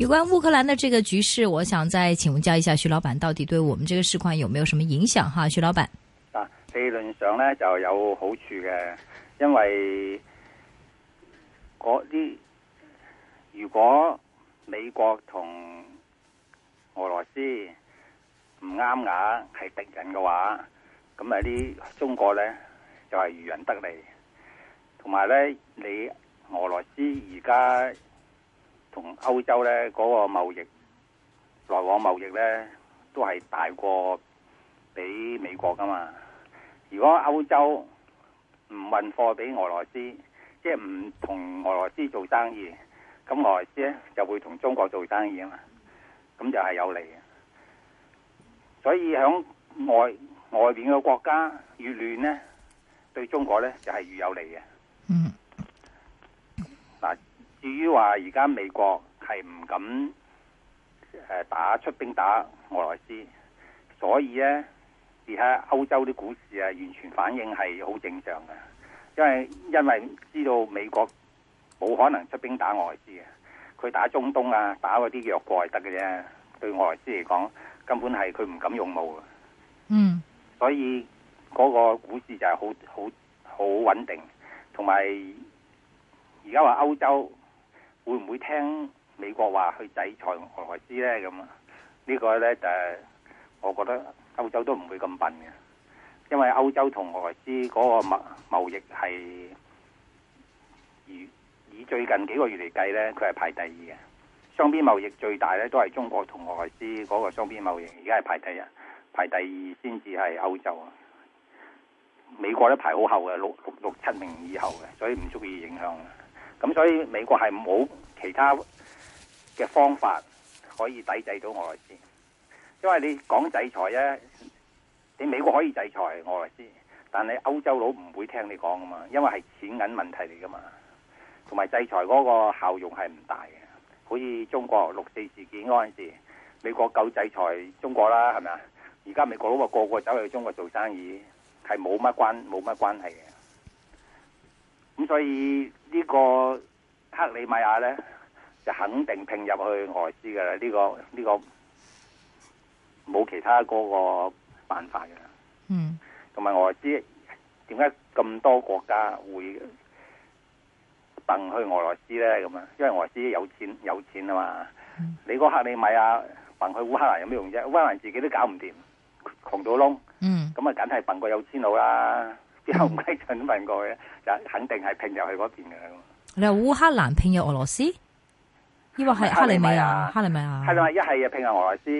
有關烏克蘭的這個局勢，我想再請問一下徐老闆，到底對我們這個市況有沒有什麼影響？哈，徐老闆，啊，理論上咧就有好處嘅，因為嗰啲如果美國同俄羅斯唔啱眼係敵人嘅話，咁啊啲中國咧就係漁人得利，同埋咧你俄羅斯而家。同歐洲咧嗰、那個貿易來往，貿易咧都係大過俾美國㗎嘛。如果歐洲唔運貨俾俄羅斯，即係唔同俄羅斯做生意，咁俄羅斯咧就會同中國做生意啊嘛。咁就係有利嘅。所以喺外外邊嘅國家越亂咧，對中國咧就係、是、越有利嘅。嗯。至於話而家美國係唔敢誒，打出兵打俄羅斯，所以咧而家歐洲啲股市啊，完全反應係好正常嘅，因為因為知道美國冇可能出兵打俄羅斯嘅，佢打中東啊，打嗰啲弱國係得嘅啫，對俄羅斯嚟講根本係佢唔敢用武啊。嗯，所以嗰個股市就係好好好穩定，同埋而家話歐洲。會唔會聽美國話去制裁俄羅斯呢？咁呢個呢，就我覺得歐洲都唔會咁笨嘅，因為歐洲同俄羅斯嗰個貿貿易係以，以最近幾個月嚟計呢，佢係排第二嘅。雙邊貿易最大呢都係中國同俄羅斯嗰個雙邊貿易，而家係排第一，排第二先至係歐洲啊。美國都排好後嘅六六六七名以後嘅，所以唔足以影響。咁所以美國係冇其他嘅方法可以抵制到俄羅斯，因為你講制裁咧啊，你美國可以制裁俄羅斯，但你歐洲佬唔會聽你講㗎嘛，因為係錢銀問題嚟㗎嘛，同埋制裁嗰個效用係唔大嘅。好似中國六四事件嗰陣時，美國夠制裁中國啦，係咪啊？而家美國佬個個走去中國做生意，係冇乜關冇乜關係嘅。咁所以。呢、這個克里米亞咧就肯定拼入去俄羅斯嘅啦，呢、這個呢、這個冇其他嗰個辦法嘅。嗯，同埋俄羅斯點解咁多國家會笨去俄羅斯咧？咁啊，因為俄羅斯有錢有錢啊嘛、嗯。你個克里米亞笨去烏克蘭有咩用啫？烏克蘭自己都搞唔掂，窮到窿。嗯，咁啊，梗係笨過有錢佬啦。又唔係準問過嘅，就肯定係併入去嗰邊嘅。你話烏克蘭併入俄羅斯，呢個係克里米亞，克里米亞係啦，一係啊併入俄羅斯，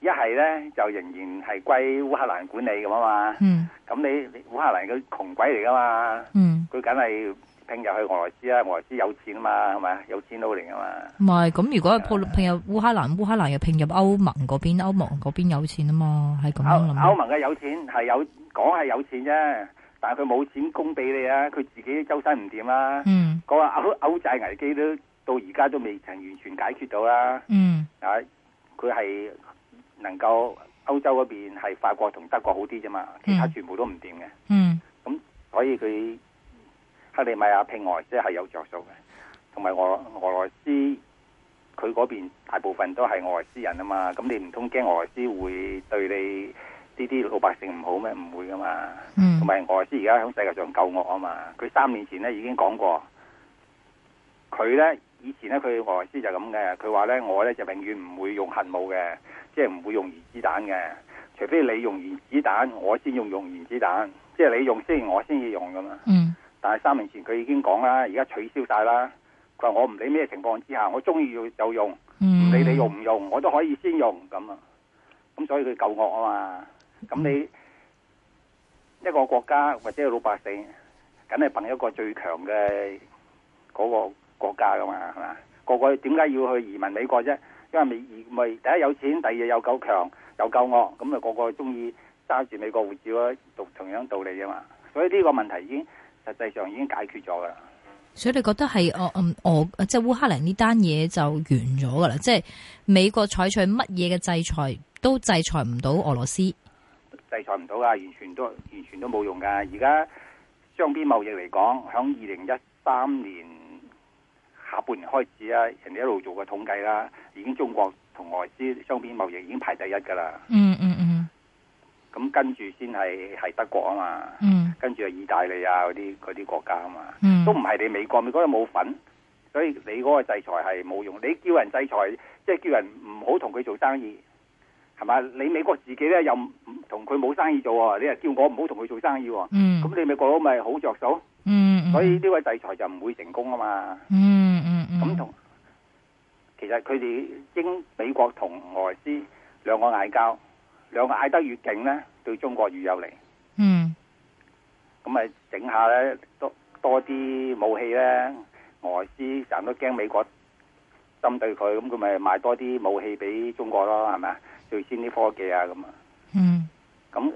一係咧就仍然係歸烏克蘭管理嘅嘛。嗯，咁你烏克蘭嘅窮鬼嚟嘅嘛。嗯，佢梗係併入去俄羅斯啊，俄羅斯有錢啊嘛，係咪啊？有錢佬嚟啊嘛。唔係，咁如果係破併入烏克蘭，烏克蘭又併入歐盟嗰邊，歐盟嗰邊有錢啊嘛，係咁諗。歐盟嘅有錢係有講係有錢啫。但佢冇錢供俾你啊！佢自己周身唔掂啦。嗯，嗰個歐債危機都到而家都未曾完全解決到啦、啊。嗯，啊，佢係能夠歐洲嗰邊係法國同德國好啲啫嘛，其他全部都唔掂嘅。嗯，咁、嗯、所以佢克里米亞併俄即係有着數嘅，同埋俄、俄羅斯佢嗰邊大部分都係俄羅斯人啊嘛，咁你唔通驚俄羅斯會對你？呢啲老百姓唔好咩？唔會噶嘛。同埋俄羅斯而家響世界上救我啊嘛。佢三年前咧已經講過，佢咧以前咧佢俄羅斯就咁嘅。佢話咧我咧就永遠唔會用核武嘅，即係唔會用原子彈嘅。除非你用原子彈，我先用用原子彈，即係你用先，我先要用噶嘛。嗯、但係三年前佢已經講啦，而家取消晒啦。佢話我唔理咩情況之下，我中意用就用，嗯、唔理你用唔用，我都可以先用咁啊。咁所以佢救我啊嘛。咁你一個國家或者係老百姓，梗係憑一個最強嘅嗰個國家噶嘛，係嘛？個個點解要去移民美國啫？因為美二咪第一有錢，第二有夠強，有夠惡，咁、那、咪個個中意揸住美國護照啊。同同樣道理啊嘛。所以呢個問題已經實際上已經解決咗噶啦。所以你覺得係哦，嗯，俄即係烏克蘭呢單嘢就完咗噶啦。即係美國採取乜嘢嘅制裁都制裁唔到俄羅斯。制裁唔到噶，完全都完全都冇用噶。而家雙邊貿易嚟講，響二零一三年下半年開始啊，人哋一路做個統計啦，已經中國同外資雙邊貿易已經排第一噶啦。嗯嗯嗯。咁跟住先係係德國啊嘛。嗯。跟住係，mm-hmm. 意大利啊嗰啲啲國家啊嘛。Mm-hmm. 都唔係你美國，美國都冇份，所以你嗰個制裁係冇用。你叫人制裁，即係叫人唔好同佢做生意。係咪？你美國自己咧又唔同佢冇生意做，哦，你又叫我唔好同佢做生意，哦，咁、嗯、你美國佬咪好著數，嗯嗯。所以呢位制裁就唔會成功啊嘛。咁、嗯、同、嗯嗯、其實佢哋英美國同俄羅斯兩個嗌交，兩個嗌得越勁咧，對中國越有利。咁咪整下咧，多多啲武器咧，俄羅斯成日都驚美國針對佢，咁佢咪賣多啲武器俾中國咯，係咪啊？最先啲科技啊，咁啊，嗯，咁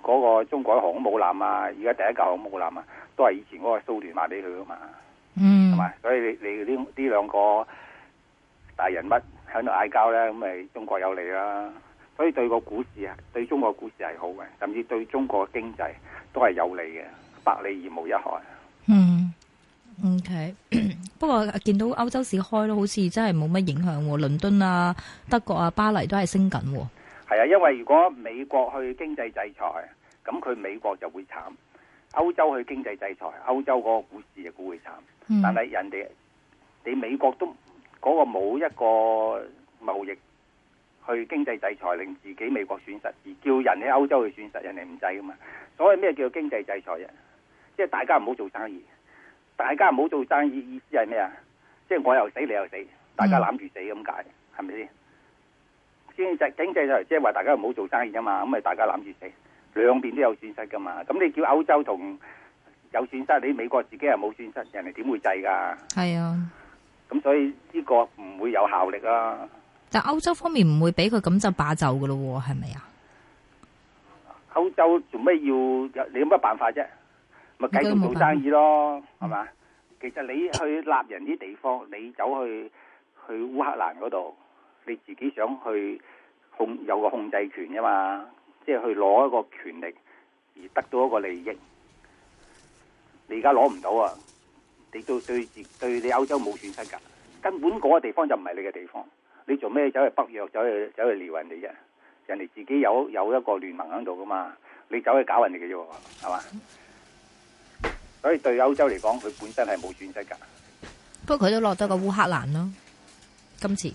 嗰個中國航空母艦啊，而家第一架航空母艦啊，都係以前嗰個蘇聯賣俾佢噶嘛，嗯，係嘛，所以你你呢呢兩個大人物喺度嗌交咧，咁咪中國有利啦，啊，所以對個股市啊，對中國股市係好嘅，甚至對中國嘅經濟都係有利嘅，百利而無一害。嗯。O、okay. K， 不過見到歐洲市開咯，好似真係冇乜影響。倫敦啊、德國啊、巴黎都係升緊，啊。係啊，因為如果美國去經濟制裁，咁佢美國就會慘。歐洲去經濟制裁，歐洲嗰個股市股會慘，嗯。但係人哋，你美國都嗰、那個冇一個貿易去經濟制裁，令自己美國損失，而叫人喺歐洲去損失，人哋唔制噶嘛。所以咩叫經濟制裁啊？即、就、係、是、大家唔好做生意。大家唔好做生意，意思係咩啊？即係我又死，你又死，大家攬住死咁解，係咪先？經濟經濟就係即係話大家唔好做生意吖嘛，咁咪大家攬住死，兩邊都有損失噶嘛。咁你叫歐洲同有損失，你美國自己又冇損失，人哋點會制噶？係啊，咁所以呢個唔會有效力啊。但係歐洲方面唔會俾佢咁就罷休噶咯，係咪啊？歐洲做咩要有？你有乜辦法啫？咪繼續做生意咯，係嘛？其實你去立人啲地方，你走去去烏克蘭嗰度，你自己想去控有個控制權吖嘛，即係去攞一個權力而得到一個利益。你而家攞唔到啊！你對對自對你歐洲冇損失噶，根本嗰個地方就唔係你嘅地方。你做咩走去北約走去走去撩人哋啫？人哋自己有有一個聯盟喺度噶嘛，你走去搞人哋嘅啫，係嘛？所以對歐洲嚟講，佢本身係冇損失噶。不過佢都落得個烏克蘭咯，今次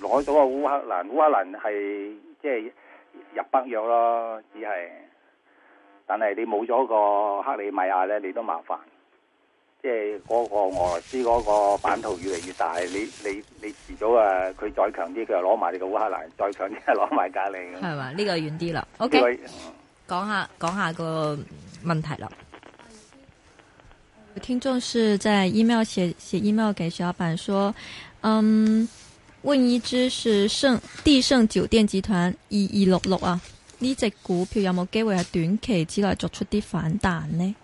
攞咗個烏克蘭，烏克蘭係即係入北約咯，只係。但係你冇咗個克里米亞咧，你都麻煩。即係嗰個俄羅斯嗰個版圖越嚟越大，你你你遲早啊，佢再強啲，佢又攞埋你個烏克蘭；再強啲，攞埋隔籬。係、這、嘛、個？呢、okay? 這個遠啲啦。OK，講下講下個。問題啦！聽眾是在 email 寫寫 email 給小老闆說，嗯，問一隻是帝盛酒店集團二二六六啊，這個、有有呢這這、這個、這隻股票有冇機會喺短期之內作出啲反彈呢？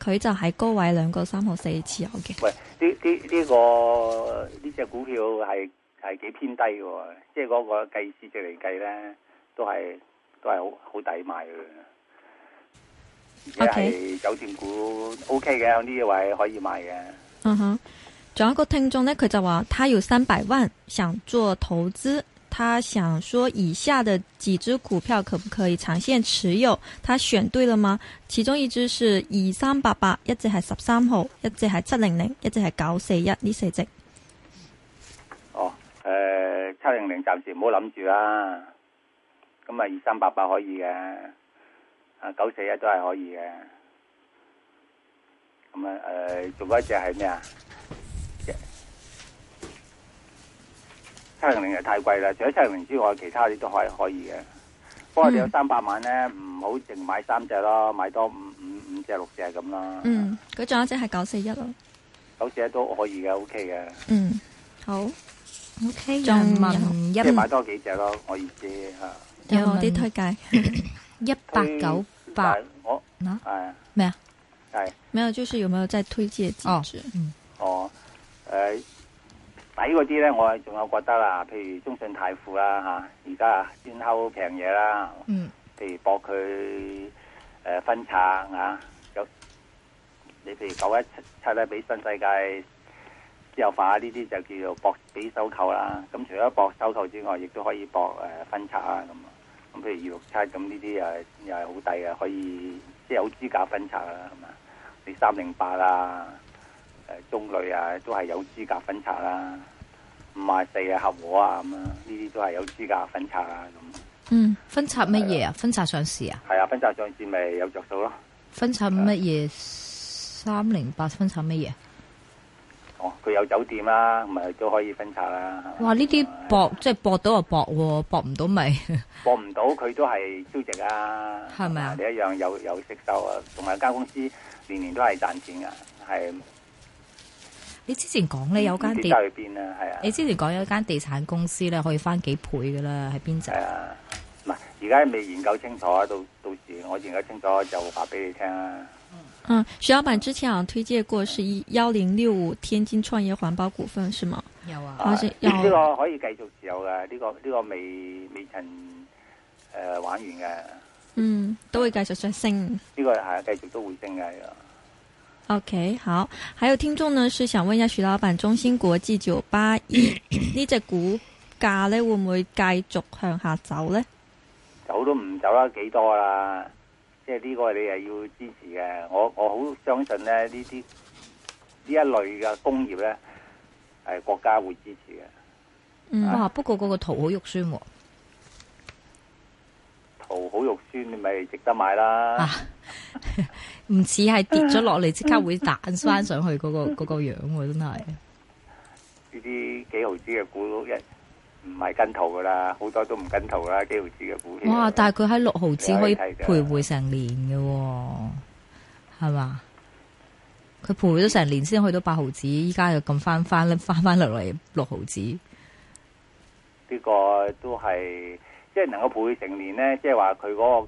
佢就喺高位兩個三毫四持有嘅。喂，呢呢個呢隻股票係係幾偏低嘅，即係嗰個計市值嚟計咧，都係都係好好抵買嘅。OK，酒店股 O K 嘅，呢、okay、一、OK、位可以賣嘅。嗯哼，仲有一個聽眾呢，佢就話：，他有三百萬想做投資，他想說以下的幾支股票可不可以長線持有？他選對了嗎？其中一支是二三八八，一隻係十三號，一隻係七零零，一隻係九四一呢四隻。哦，誒、呃，七零零暫時唔好諗住啦，咁啊二三八八可以嘅。啊九四一都係可以嘅，咁啊誒，仲、呃、有一隻係咩啊？七零零就太貴啦，除咗七零零之外，其他啲都係可以嘅。不過你有三百萬咧，唔好淨買三隻咯，買多五五五隻六隻咁咯。嗯，佢仲有一隻係九四一咯。九四一都可以嘅，OK 嘅。嗯，好，OK。一萬一，買多幾隻咯，我意思。吓。有冇啲推介咳咳？一百九。但係我咩啊？係、啊、沒，沒有，就是有沒有再推介幾隻？啊嗯、哦，誒、呃，底嗰啲咧，我仲有覺得啦，譬如中信泰富啦，吓、啊，而家先偷平嘢啦，嗯，譬如博佢誒、呃、分拆啊，有你譬如九一七咧俾新世界私有化呢啲就叫做博俾收購啦，咁、嗯、除咗博收購之外，亦都可以博誒、呃、分拆啊咁。咁譬如二六七咁呢啲又又係好抵啊，可以即係有資格分拆啦，係嘛？你三零八啊，誒中旅啊，都係有資格分拆啦，五啊四啊合和啊咁啊，呢啲都係有資格分拆啦咁。嗯，分拆乜嘢啊？分拆上市啊？係啊，分拆上市咪有着數咯。分拆乜嘢？三零八分拆乜嘢？佢、哦、有酒店啦、啊，咪都可以分拆啦。哇！呢啲搏即係搏到就搏，搏唔到咪搏唔到，佢都係超值啊。係咪、就是、啊是是？你一樣有有息收啊，同埋間公司年年都係賺錢噶，係。你之前講你有間地，去邊啦？係啊。你之前講有一間地產公司咧，可以翻幾倍噶啦？喺邊唔嗱，而家未研究清楚、啊，到到時我研究清楚就話俾你聽、啊、啦。嗯，徐老闆之前啊推介過是一幺零六五天津創業環保股份，是嗎？有啊，呢、啊啊這個可以繼續持有嘅，呢、這個呢、這個未未曾誒、呃、玩完嘅。嗯，都會繼續上升，呢、這個係、啊、繼續都會升嘅、這個。OK，好，還有聽眾呢，是想問一下徐老闆，中芯國際九八一呢隻股價咧會唔會繼續向下走咧？走都唔走啦，幾多啦？即係呢個你係要支持嘅，我我好相信咧呢啲呢一類嘅工業咧，係國家會支持嘅。嗯，哇！啊、不過嗰個圖好肉酸喎、啊。圖好肉酸，你咪值得買啦。唔似係跌咗落嚟，即 刻 會彈翻上去嗰、嗰個嗰 個樣喎，真係。呢啲幾毫子嘅股唔係跟圖噶啦，好多都唔跟圖啦，幾毫子嘅股票。哇！但係佢喺六毫子可以徘徊成年嘅。哦，係嘛？佢徘徊咗成年先去到八毫子，依家又咁翻翻咧，翻翻落嚟六毫子。呢、這個都係即係能夠徘徊成年咧，即係話佢嗰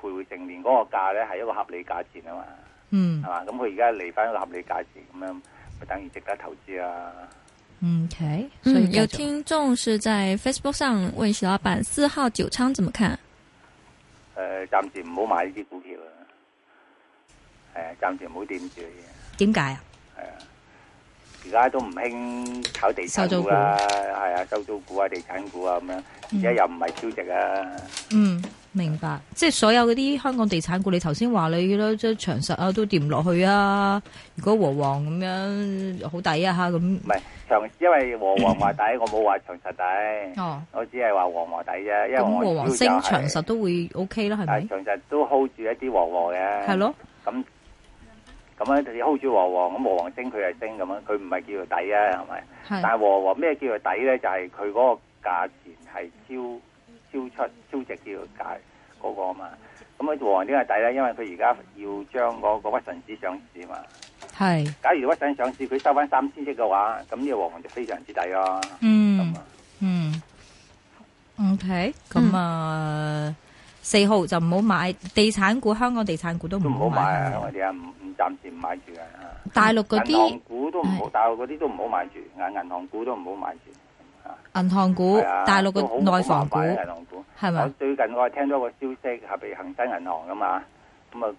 個徘徊成年嗰個價咧，係一個合理價錢啊嘛。嗯，係嘛？咁佢而家嚟翻一個合理價錢咁樣，咪等於值得投資啊？Okay, 嗯，OK。嗯，有聽眾是在 Facebook 上問徐老闆四號九倉怎麼看？誒，暫時唔好買呢啲股票啊。係、呃、啊，暫、呃、時唔好掂住。點解啊？係啊，而、呃、家都唔興炒地產股啊，係啊、哎，收租股啊，地產股啊咁樣，而家又唔係超值啊。嗯。明白，即係所有嗰啲香港地產股，你頭先話你咯，即係長實啊，都跌唔落去啊。如果和黃咁樣好抵啊，吓咁。唔係長，因為和黃話抵， 我冇話長實抵。哦，我只係話和黃和抵啫。咁、就是、和黃升，長實都會 OK 啦，係咪？但係長實都 hold 住一啲和黃嘅。係咯。咁，咁啊，你 hold 住和黃，咁和黃升，佢係升咁樣，佢唔係叫做抵啊，係咪？係。但係和黃咩叫做抵咧？就係佢嗰個價錢係超。嗯超出超值叫解嗰個啊嘛，咁佢和黃點解抵咧？因為佢而家要將嗰個屈臣氏上市嘛。係，假如屈臣氏上市，佢收翻三千億嘅話，咁、那、呢個和黃就非常之抵咯。嗯，嗯，O K，咁啊，四號就唔好買地產股，香港地產股都唔好買，買啊！我哋啊，唔唔暫時唔買住嘅。大陸嗰啲股都唔好，大陸啲都唔好買住，銀行股都唔好買住。銀行、啊啊、行股，大陸嘅內房股，係咪？我最近我係聽到個消息，係譬如恆生銀行咁嘛。咁啊，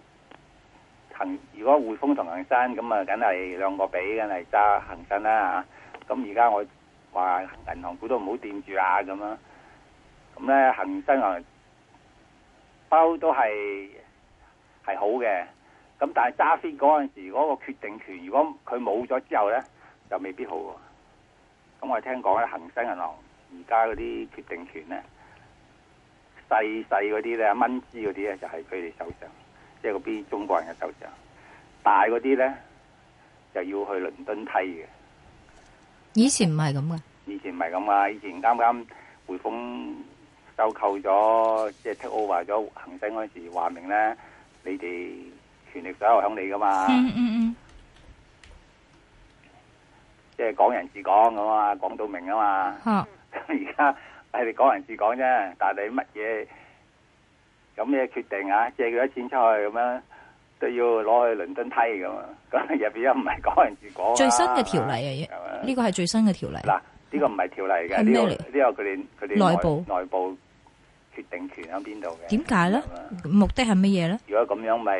恆如果匯豐同恆生咁啊，梗係兩個比，梗係揸恆生啦吓。咁而家我話銀行股都唔好掂住啊，咁咯。咁咧恆生銀行包都係係好嘅，咁但係揸飛嗰陣時嗰個決定權，如果佢冇咗之後咧，就未必好。咁我聽講咧，恒生銀行而家嗰啲決定權咧，細細嗰啲咧，蚊資嗰啲咧，就係佢哋手上，即係嗰啲中國人嘅手上。大嗰啲咧，就要去倫敦批嘅。以前唔係咁嘅。以前唔係咁啊！以前啱啱匯豐收購咗即係、就是、take over 咗恒生嗰時候，話明咧，你哋權力有喺你噶嘛。嗯嗯嗯。即係港人治港咁啊，講到明啊嘛。咁而家係你港人治港啫，但係你乜嘢，有咩決定啊？借佢錢出去咁樣，都要攞去倫敦批咁啊。咁入邊又唔係港人治港。最新嘅條例啊，呢個係最新嘅條例。嗱，呢個唔係條例嘅，呢個呢個佢哋佢哋內部內部決定權喺邊度嘅？點解咧？目的係乜嘢咧？如果咁樣咪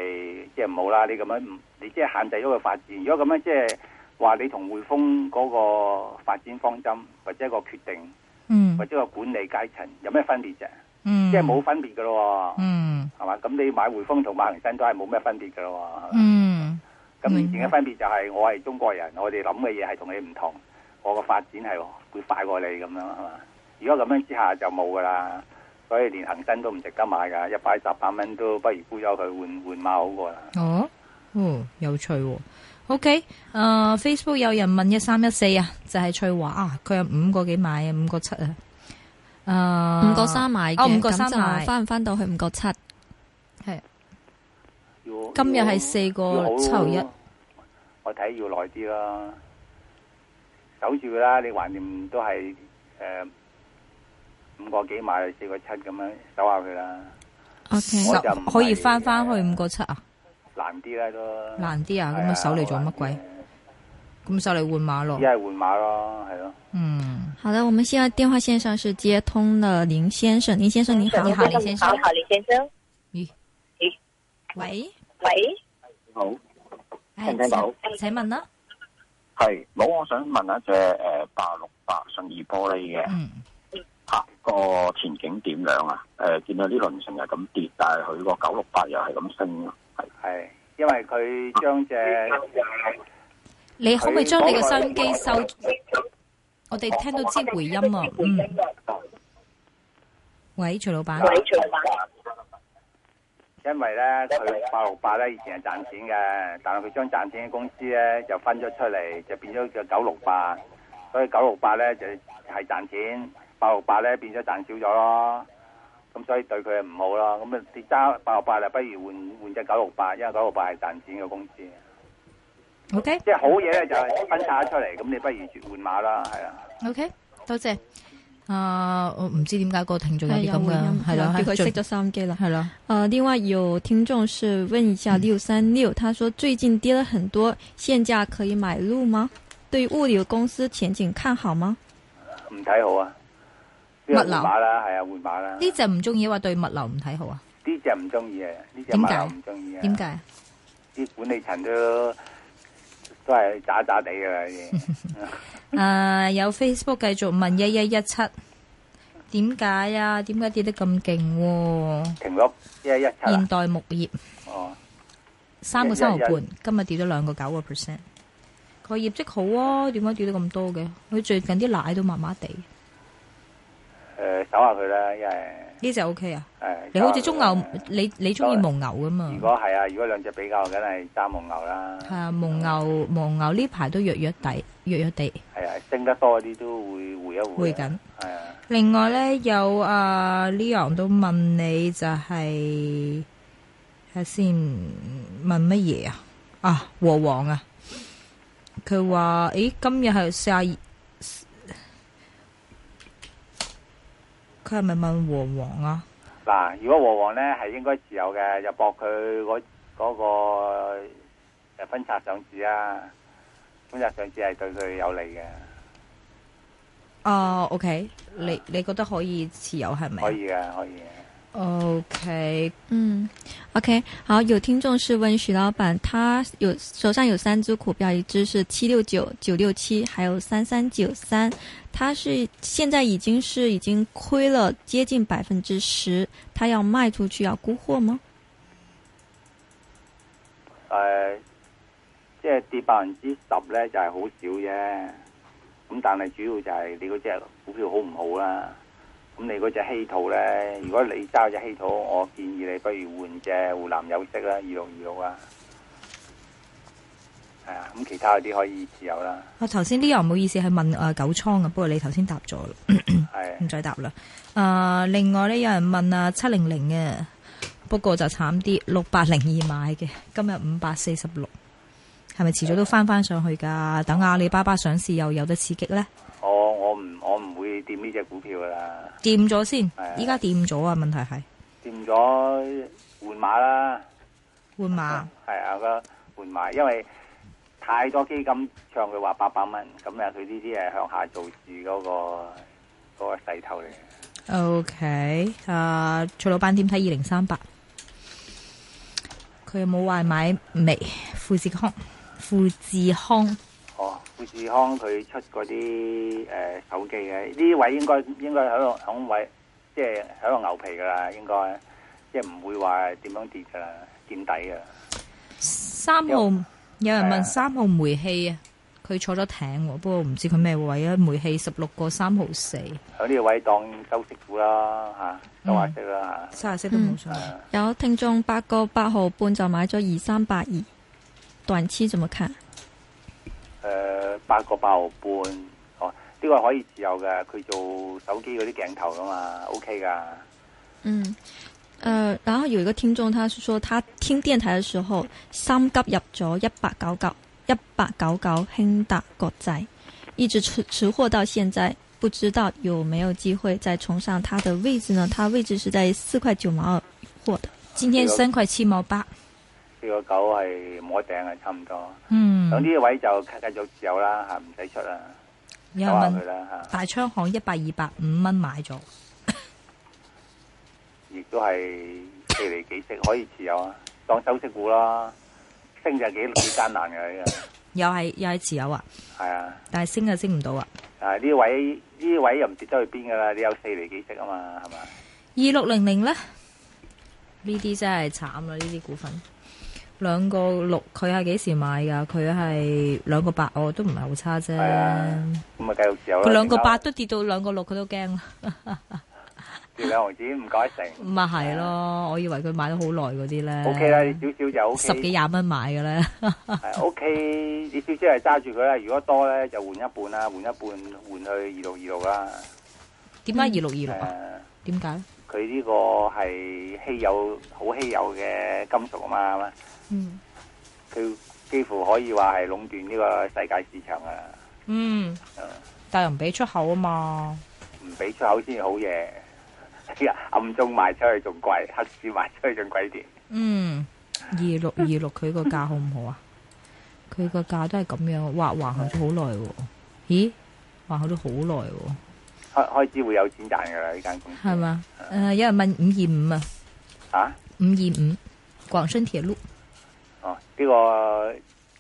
即係冇啦，你咁樣你即係限制咗個發展。如果咁樣即係。話你同匯豐嗰個發展方針或者個決定，或者個管理階層有咩分別啫、嗯？即係冇分別噶咯，係、嗯、嘛？咁你買匯豐同買恒生都係冇咩分別噶咯，嗯，咁以前嘅分別就係、是、我係中國人，我哋諗嘅嘢係同你唔同，我個發展係會快過你咁樣係嘛？如果咁樣之下就冇噶啦，所以連恒生都唔值得買噶，一百十八蚊都不如沽咗佢換換馬好過啦。哦，嗯、哦，有趣、哦。O K，誒 Facebook 有人問一三一四啊，就係、是、翠華啊，佢有五個幾買5個啊，五、uh, 個七啊，誒、哦、五個三買，哦五個三買翻唔翻到去五個七？係，今日係四個七一。我睇要耐啲咯，守住佢啦，你橫掂都係誒五個幾買四個七咁樣守下佢啦。O、okay. K，可以翻翻去五個七啊？難啲啦都難啲啊！咁、嗯、啊，手嚟，做乜鬼？咁、嗯、手嚟換馬咯，只係換馬咯，係咯。嗯，好啦，我們現在電話線上是接通了林先生，林先生你好，你好林先生，你好林先生，咦咦，喂喂，好，聽唔聽到？咁請問啦，係，冇，我想問一隻誒、呃、八六八信義玻璃嘅，吓、嗯啊、個前景點樣啊？誒、呃，見到呢輪成日咁跌，但係佢個九六八又係咁升、啊係，因為佢將只你可唔可以將你個收音機收？嗯、我哋聽到啲回音啊！嗯。喂，徐老闆。喂，徐老闆。因為咧，佢八六八咧以前係賺錢嘅，但係佢將賺錢嘅公司咧就分咗出嚟，就變咗叫九六八。所以九六八咧就係賺錢，八六八咧變咗賺少咗咯。咁所以對佢啊唔好咯，咁啊跌揸八六八啊，不如換換隻九六八，968，因為九六八係賺錢嘅公司。O、okay? K，即係好嘢咧，就係分差出嚟，咁你不如換馬啦，係啊。O、okay? K，多謝。啊、呃，我唔知點解個聽眾有啲咁嘅，係、哎、啦，叫佢熄咗手機啦。係啦。呃，另外有聽眾是問一下六三六，他說最近跌了很多，現價可以買入嗎？對物流公司前景看好嗎？唔睇好啊。物流啦，係啊，換碼啦。呢隻唔中意話對物流唔睇好啊？呢隻唔中意啊，呢隻碼唔中意啊。點解？啲管理層都都係渣渣地嘅。誒，有 Facebook 繼續問一一一七，點解啊？點解跌得咁勁？停落一一一七。現代木業哦，三個三毫半，今日跌咗兩個九個 percent。個業績好啊，點解跌得咁多嘅？佢最近啲奶都麻麻地。誒，手下佢啦，因為呢隻 O K 啊，誒，你好似中牛，你你中意蒙牛噶嘛？如果係啊，如果兩隻比較，梗係揸蒙牛啦。係啊，蒙牛，蒙牛呢排都弱弱底，弱弱地。係啊，升得多啲都會回一回。回緊。係啊，另外咧有阿 Leon 都問你就係，睇，先問乜嘢啊？啊，和黃啊，佢話誒今日係四廿二。佢係咪問和黃啊？嗱，如果和黃咧係應該持有嘅，又博佢嗰嗰個誒分拆上市啊，分拆上市係對佢有利嘅。啊 OK 你你覺得可以持有係咪？可以嘅，可以嘅。嘅。OK，嗯，OK，好。有聽眾是問徐老闆，他有手上有三隻股票，一隻是七六九九六七，還有三三九三，他是現在已經是已經虧了接近百分之十，他要賣出去要沽貨嗎？誒、呃，即係跌百分之十咧，就係、是、好少啫。咁但係主要就係你嗰隻股票好唔好啦。咁你嗰隻稀土咧，如果你揸隻稀土，我建議你不如換隻湖南有色啦，二六二六啊，係啊，咁其他嗰啲可以自由啦。我頭先呢唔好意思係問誒九倉啊，不過你頭先答咗啦，唔再答啦。誒、呃，另外呢，有人問啊七零零嘅，不過就慘啲，六百零二買嘅，今日五百四十六，係咪遲早都翻翻上去噶？等阿里巴巴上市又有得刺激咧？我我唔我唔。掂呢隻股票噶啦，掂咗先，依家掂咗啊！問題係掂咗換馬啦，換馬係啊個換馬，因為太多基金唱佢話八百蚊，咁啊佢呢啲誒向下造市嗰個嗰、嗰個勢頭嚟。OK，啊徐老闆點睇二零三八？佢又冇話買未？富士康，富士康。富士康佢出嗰啲誒手機嘅呢啲位，應該應該喺度喺度位，即係喺度牛皮噶啦，應該即係唔會話點樣跌噶，墊底啊！三號有人問三號煤氣啊，佢坐咗艇喎，不過唔知佢咩位啊？煤氣十六個三號四喺呢個位當收息股啦，嚇收下息啦，收下息都冇上。有聽眾八個八號半就買咗二三八二，短期怎麼看？誒，八個八毫半，哦，呢個可以持有嘅，佢做手機嗰啲鏡頭噶嘛，OK 噶。嗯，誒、呃，然後有一個聽眾，他是說，他聽電台嘅時候，三急入咗一百九九，一百九九興達國際，一直持持貨到現在，不知道有沒有機會再重上？他的位置呢？他位置是在四塊九毛二貨的，今天三塊七毛八。四、個九係摸頂，係差唔多，咁、嗯、呢位就繼續持有啦，吓唔使出啦，拋下佢啦吓。大昌行一百二百五蚊買咗，亦 都係四厘幾息可以持有啊，當首息股啦，升就幾幾艱難噶依家。又係又係持有啊，係啊，但係升就升唔到啊。啊呢位呢位又唔知去咗邊噶啦？你有四厘幾息啊嘛，係嘛？二六零零咧，呢啲真係慘啦，呢啲股份。兩個六，佢係幾時買噶？佢係兩個八，我都唔係好差啫。係啊，咁咪繼續有。佢兩個八都跌到兩個六，佢都驚。跌兩毫紙唔該成。咁啊係咯，我以為佢買咗好耐嗰啲咧。O K 啦，少少就 O K。十幾廿蚊買噶咧。係 O K，你少少係揸住佢啦。如果多咧，就換一半啦，換一半換去二六二六啦。點解二六二六啊？點解？佢呢個係稀有、好稀有嘅金屬啊嘛，佢、嗯、幾乎可以話係壟斷呢個世界市場啊。嗯，嗯但係唔俾出口啊嘛，唔俾出口先好嘢、哎。暗中賣出去仲貴，黑市賣出去仲貴啲。嗯，二六二六，佢個價好唔好啊？佢 個價都係咁樣，哇，橫行咗好耐。咦，橫行咗好耐？開開始會有錢賺噶啦，呢間公司係嘛？誒、呃，有人問五二五啊？啊？五二五，廣深鐵路。哦、啊，呢、這個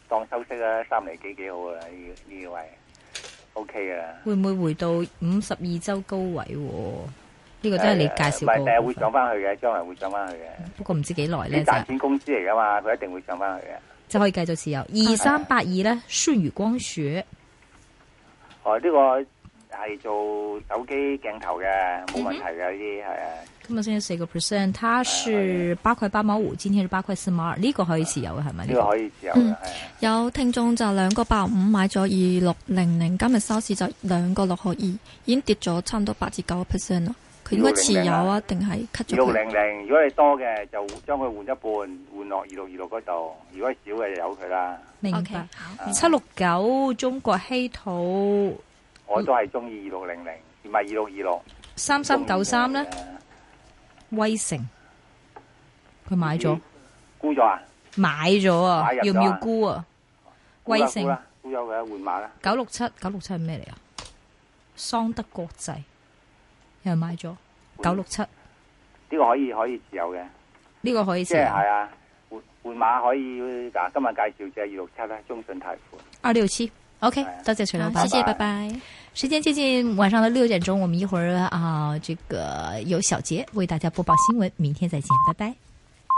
當收息啊，三厘幾，幾幾好啊！呢、這、呢、個、位，OK 啊。會唔會回到五十二周高位，啊？呢、這個都係你介紹過唔、哎、會上翻去嘅，將來會上翻去嘅。不過唔知幾耐咧就。賺錢公司嚟噶嘛，佢、就是、一定會上翻去嘅。就可以繼續持有二三八二咧，舜、哎、宇光學。哦、啊，呢、這個。係做手機鏡頭嘅，冇問題嘅呢啲係。今日升咗四個 percent，它是八塊八毛五，今、嗯、天、嗯、是八塊四毛二，呢個可以持有嘅係咪？呢、啊這個這個可以持有的、嗯、的有聽眾就兩個八五買咗二六零零，今日收市就兩個六毫二，已經跌咗差唔多八至九 percent 啦。佢應該持有啊，定係 cut 咗？二六零零，如果係多嘅就將佢換一半，換落二六二六嗰度。如果少嘅就由佢啦。明、okay. 白、啊。七六九中國稀土。我都係中意二六零零，唔係二六二六，三三九三咧，威城？佢買咗，沽咗啊？買咗啊？要唔要沽啊？威城？沽咗啦，沽咗嘅換碼啦。九六七九六七係咩嚟啊？桑德國際又買咗九六七，呢個可以可以持有嘅，呢、呢個可以即係係啊？換碼可以，嗱今日介紹即係二六七啦，267, 中信泰富二六七，OK，多謝徐老闆，謝謝，拜拜。拜拜時間接近晚上的六點鐘，我們一會兒啊，這個由小杰為大家播報新聞。明天再見，拜拜。